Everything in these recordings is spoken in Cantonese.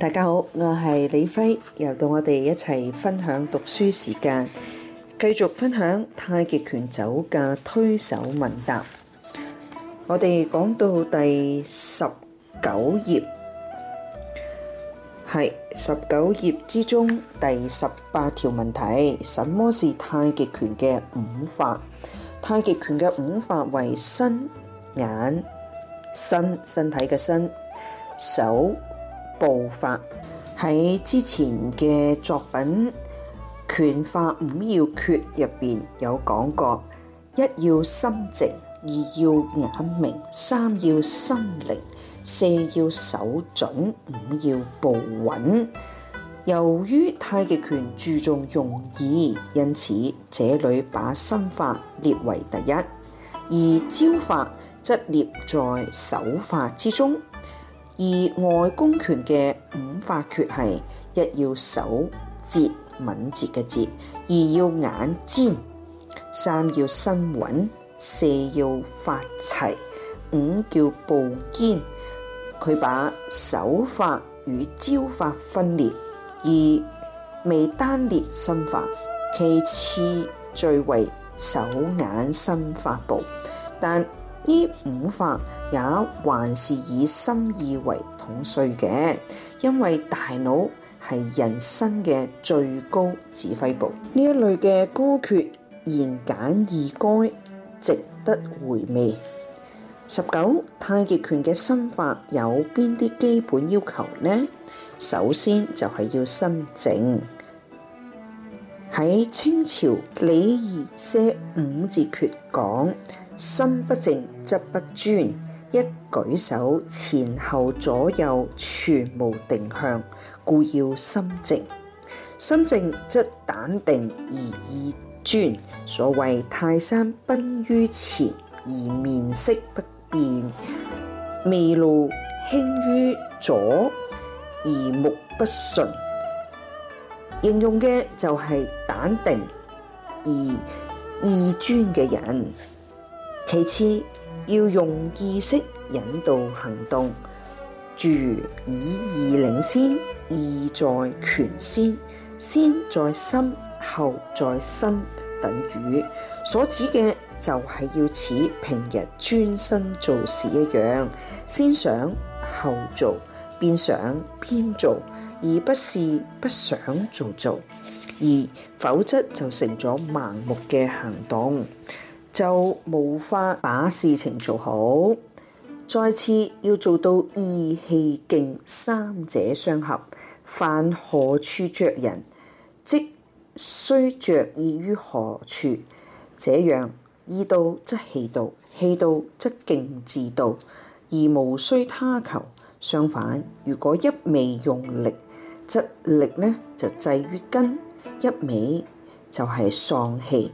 大家好，我係李輝，又到我哋一齊分享讀書時間，繼續分享太極拳走架推手問答。我哋講到第十九頁，係十九頁之中第十八條問題：什麼是太極拳嘅五法？太極拳嘅五法為身、眼、身身體嘅身、手。步法喺之前嘅作品《拳法五要訣》入邊有講過：一要心靜，二要眼明，三要心靈，四要手準，五要步穩。由於太極拳注重用意，因此這裏把心法列為第一，而招法則列在手法之中。而外功拳嘅五法訣係：一要手捷，敏捷嘅捷，二要眼尖，三要身穩，四要發齊，五叫步堅。佢把手法與招法分裂，而未單列心法。其次最為手眼身法步，但。呢五法也還是以心意為統帥嘅，因為大腦係人身嘅最高指揮部。呢一類嘅歌訣言簡意賅，值得回味。十九，太極拳嘅心法有邊啲基本要求呢？首先就係要心靜。喺清朝李二些五字訣講。心不正則不專，一舉手前後左右全無定向，故要心靜。心靜則膽定而意專。所謂泰山崩於前而面色不變，微露輕於左而目不順，形容嘅就係膽定而意專嘅人。其次，要用意識引導行動，諸如以意領先，意在拳先，先在心，後在心，等語，所指嘅就係要似平日專心做事一樣，先想後做，邊想邊做，而不是不想做做，而否則就成咗盲目嘅行動。就無法把事情做好。再次要做到意氣勁三者相合，犯何處着人，即需着意於何處。這樣意到則氣到，氣到則勁自到，而無需他求。相反，如果一味用力，則力呢就滯於根，一味就係喪氣。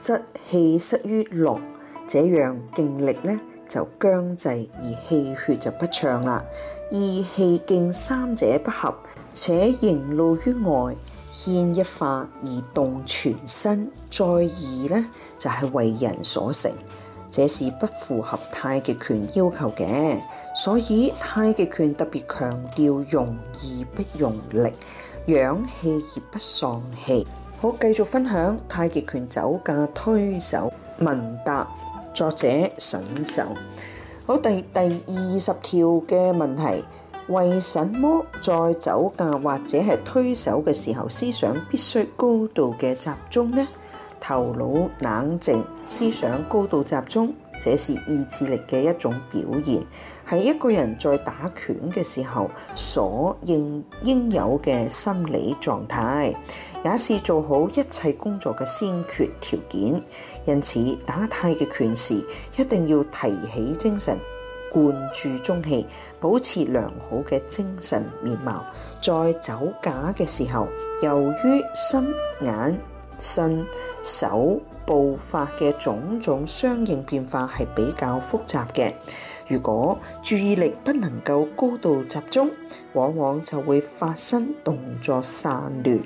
則氣失於落，這樣勁力呢就僵滯，而氣血就不暢啦。意氣勁三者不合，且形露於外，牽一髮而動全身，再二呢就係、是、為人所成，這是不符合太極拳要求嘅。所以太極拳特別強調用意不用力，養氣而不喪氣。好，繼續分享太極拳走架推手問答，作者沈秀。好，第第二十條嘅問題：為什麼在走架或者係推手嘅時候，思想必須高度嘅集中呢？頭腦冷靜，思想高度集中，這是意志力嘅一種表現，係一個人在打拳嘅時候所應應有嘅心理狀態。也是做好一切工作嘅先決條件，因此打太極拳時，一定要提起精神，灌注中氣，保持良好嘅精神面貌。在走架嘅時候，由於心、眼、身、手步法嘅種種相應變化係比較複雜嘅，如果注意力不能夠高度集中。往往就會發生動作散亂、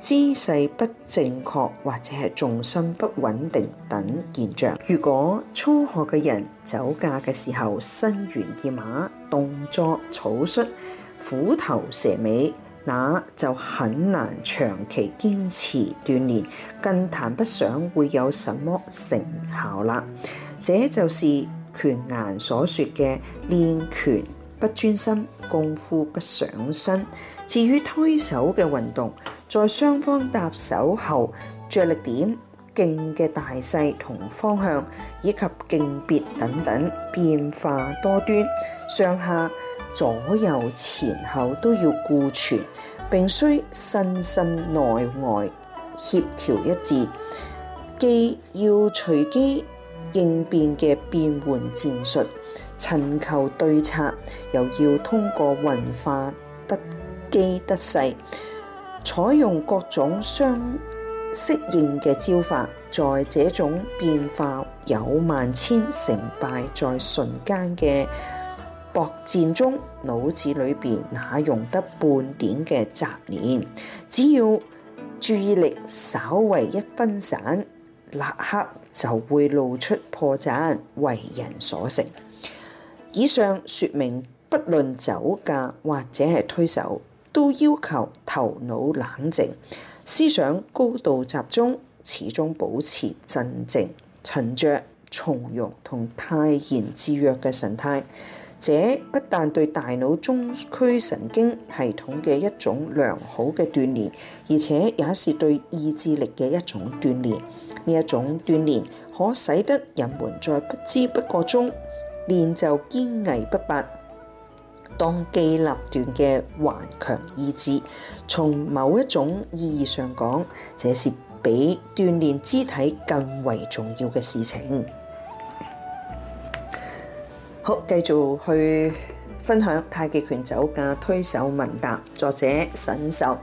姿勢不正確或者係重心不穩定等現象。如果初學嘅人走架嘅時候身猿意馬、動作草率、虎頭蛇尾，那就很難長期堅持鍛煉，更談不上會有什麼成效啦。這就是拳諺所說嘅練拳，不專心，功夫不上身。至於推手嘅運動，在雙方搭手後，着力點、勁嘅大細同方向，以及勁別等等，變化多端，上下、左右、前後都要顧全，並需身心內外協調一致，既要隨機應變嘅變換戰術。尋求對策，又要通過運化得機得勢，採用各種相適應嘅招法，在這種變化有萬千、成敗在瞬間嘅搏戰中，腦子裏邊哪用得半點嘅雜念？只要注意力稍為一分散，立刻就會露出破綻，為人所乘。以上説明，不論走架或者係推手，都要求頭腦冷靜，思想高度集中，始終保持鎮靜、沉着、從容同泰然自若嘅神態。這不但對大腦中樞神經系統嘅一種良好嘅鍛煉，而且也是對意志力嘅一種鍛煉。呢一種鍛煉可使得人們在不知不覺中，練就堅毅不拔、當機立斷嘅頑強意志。從某一種意義上講，這是比鍛煉肢體更為重要嘅事情。好，繼續去分享太極拳走架推手問答，作者沈壽。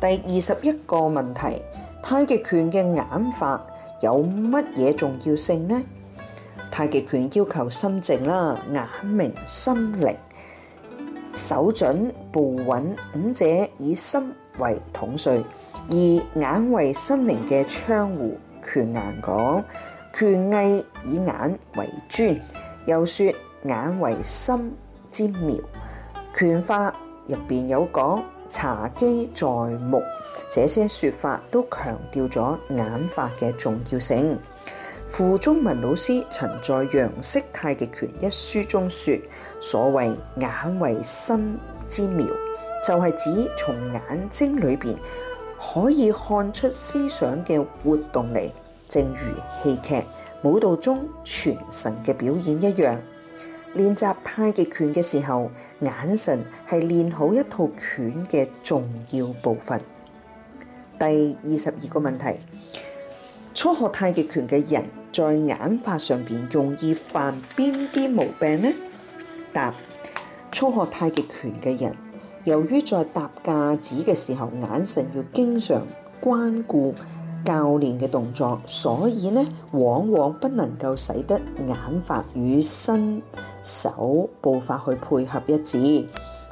第二十一個問題：太極拳嘅眼法有乜嘢重要性呢？太極拳要求心靜啦，眼明心靈，手準步穩，五者以心為統帥，而眼為心靈嘅窗戶。拳眼講，拳藝以眼為尊，又說眼為心之苗。拳法入邊有講，茶機在目，這些說法都強調咗眼法嘅重要性。傅中文老師曾在《楊式太極拳》一書中說：所謂眼為心之苗，就係、是、指從眼睛裏邊可以看出思想嘅活動嚟，正如戲劇、舞蹈中全神嘅表演一樣。練習太極拳嘅時候，眼神係練好一套拳嘅重要部分。第二十二個問題：初學太極拳嘅人。在眼法上邊容易犯邊啲毛病呢？答：初學太極拳嘅人，由於在搭架子嘅時候眼神要經常關顧教練嘅動作，所以呢，往往不能夠使得眼法與身手步法去配合一致。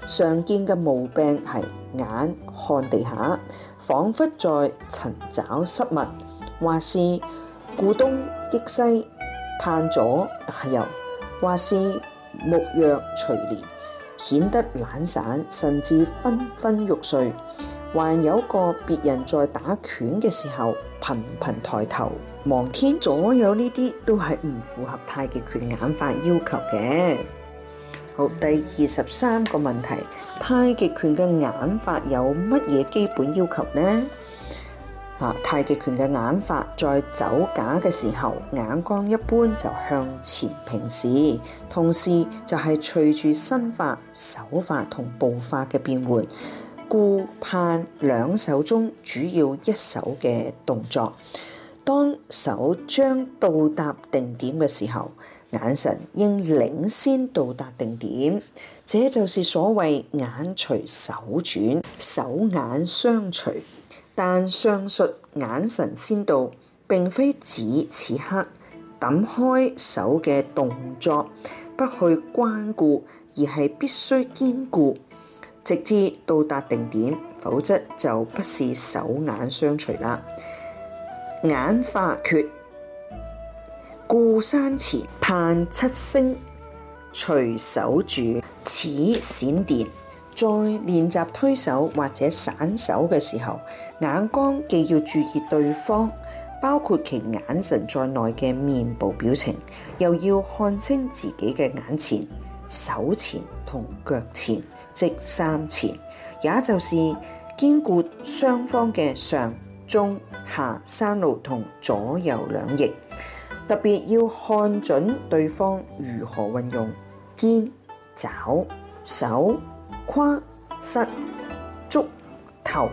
常見嘅毛病係眼看地下，彷彿在尋找失物，或是，顧東擊西，盼左打右，或是目若垂簾，顯得懶散，甚至昏昏欲睡。還有個別人在打拳嘅時候，頻頻抬頭望天。左右，呢啲都係唔符合太極拳眼法要求嘅。好，第二十三個問題，太極拳嘅眼法有乜嘢基本要求呢？啊！太極拳嘅眼法，在走架嘅時候，眼光一般就向前平視，同時就係隨住身法、手法同步法嘅變換，顧盼兩手中主要一手嘅動作。當手將到達定點嘅時候，眼神應領先到達定點，這就是所謂眼隨手轉，手眼相隨。但上述眼神先到，並非指此刻揼開手嘅動作不去關顧，而係必須堅固，直至到達定點，否則就不是手眼相隨啦。眼發決，顧山前盼七星，隨手住此閃電。在練習推手或者散手嘅時候，眼光既要注意對方，包括其眼神在內嘅面部表情，又要看清自己嘅眼前、手前同腳前，即三前，也就是兼顧雙方嘅上、中、下三路同左右兩翼，特別要看準對方如何運用肩、爪、手。胯、膝、足、頭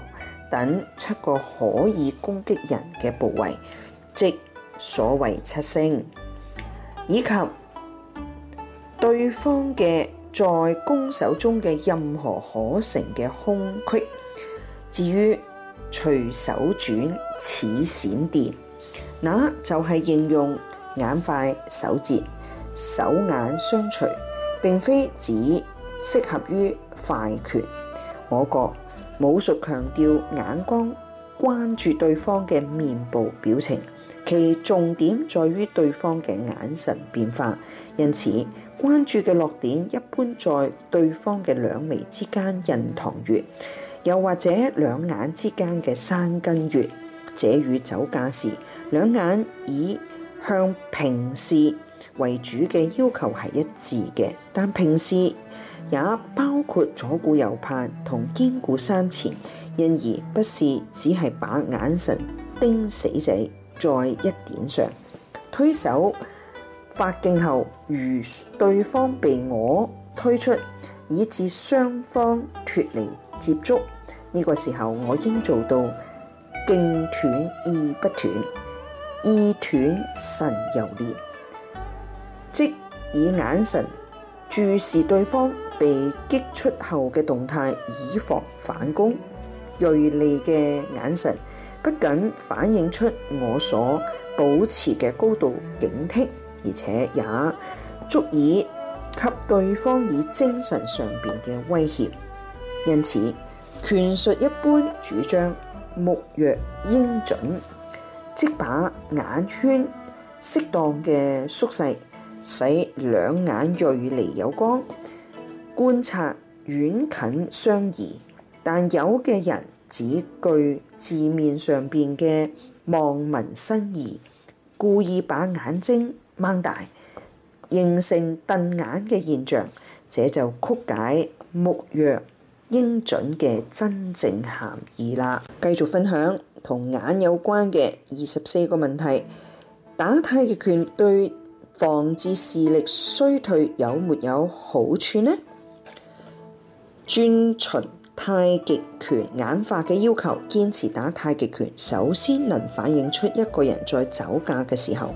等七個可以攻擊人嘅部位，即所謂七星，以及對方嘅在攻守中嘅任何可乘嘅空隙。至於隨手轉似閃電，那就係應用眼快手捷，手眼相隨，並非指。適合於快拳。我國武術強調眼光關注對方嘅面部表情，其重點在於對方嘅眼神變化。因此，關注嘅落點一般在對方嘅兩眉之間印堂穴，又或者兩眼之間嘅山根穴。這與走架時兩眼以向平視為主嘅要求係一致嘅，但平視。也包括左顧右盼，同兼顧身前，因而不是只係把眼神盯死仔在一點上。推手發勁後，如對方被我推出，以致雙方脱離接觸，呢、這個時候我應做到勁斷意不斷，意斷神猶連，即以眼神。注視對方被擊出後嘅動態，以防反攻。銳利嘅眼神不僅反映出我所保持嘅高度警惕，而且也足以給對方以精神上邊嘅威脅。因此，拳術一般主張目若鷹隼，即把眼圈適當嘅縮細。使兩眼鋭利有光，觀察遠近相宜。但有嘅人只據字面上邊嘅望文生義，故意把眼睛掹大，形成瞪眼嘅現象，這就曲解目若英準嘅真正含義啦。繼續分享同眼有關嘅二十四個問題。打太極拳對防止視力衰退有沒有好處呢？遵循太極拳眼法嘅要求，堅持打太極拳，首先能反映出一個人在走架嘅時候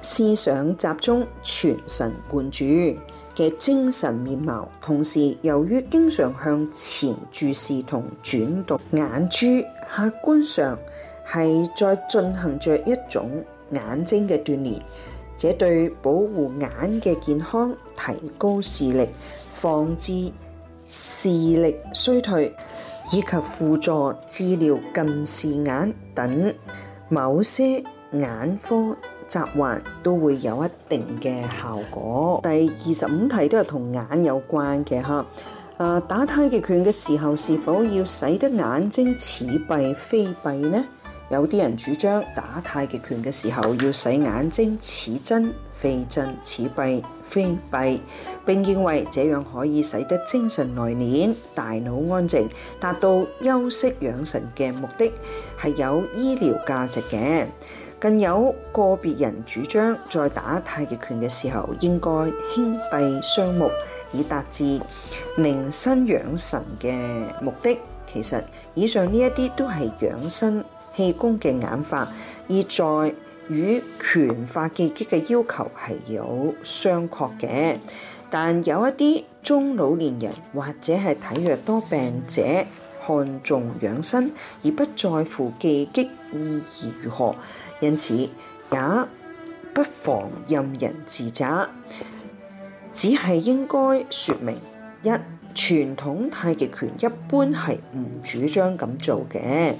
思想集中、全神貫注嘅精神面貌。同時，由於經常向前注視同轉動眼珠，客觀上係在進行着一種眼睛嘅鍛鍊。這對保護眼嘅健康、提高視力、防止視力衰退，以及輔助治療近視眼等某些眼科疾患，都會有一定嘅效果。第二十五題都係同眼有關嘅嚇，誒打太極拳嘅時候，是否要使得眼睛似閉非閉呢？有啲人主張打太極拳嘅時候要使眼睛似真非真，似閉非閉，並認為這樣可以使得精神內斂、大腦安靜，達到休息養神嘅目的，係有醫療價值嘅。更有個別人主張，在打太極拳嘅時候應該輕閉雙目，以達至寧身養神嘅目的。其實以上呢一啲都係養生。氣功嘅眼化，而在與拳法技擊嘅要求係有相確嘅。但有一啲中老年人或者係體弱多病者，看重養生而不在乎技擊意義如何，因此也不妨任人自責。只係應該説明，一、傳統太極拳一般係唔主張咁做嘅。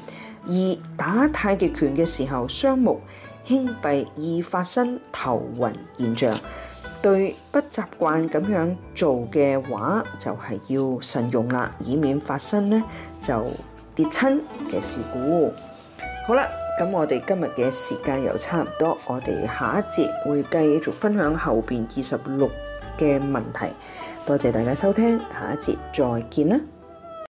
二，打太極拳嘅時候，雙目輕閉，易發生頭暈現象。對不習慣咁樣做嘅話，就係要慎用啦，以免發生呢就跌親嘅事故。好啦，咁我哋今日嘅時間又差唔多，我哋下一節會繼續分享後邊二十六嘅問題。多謝大家收聽，下一節再見啦。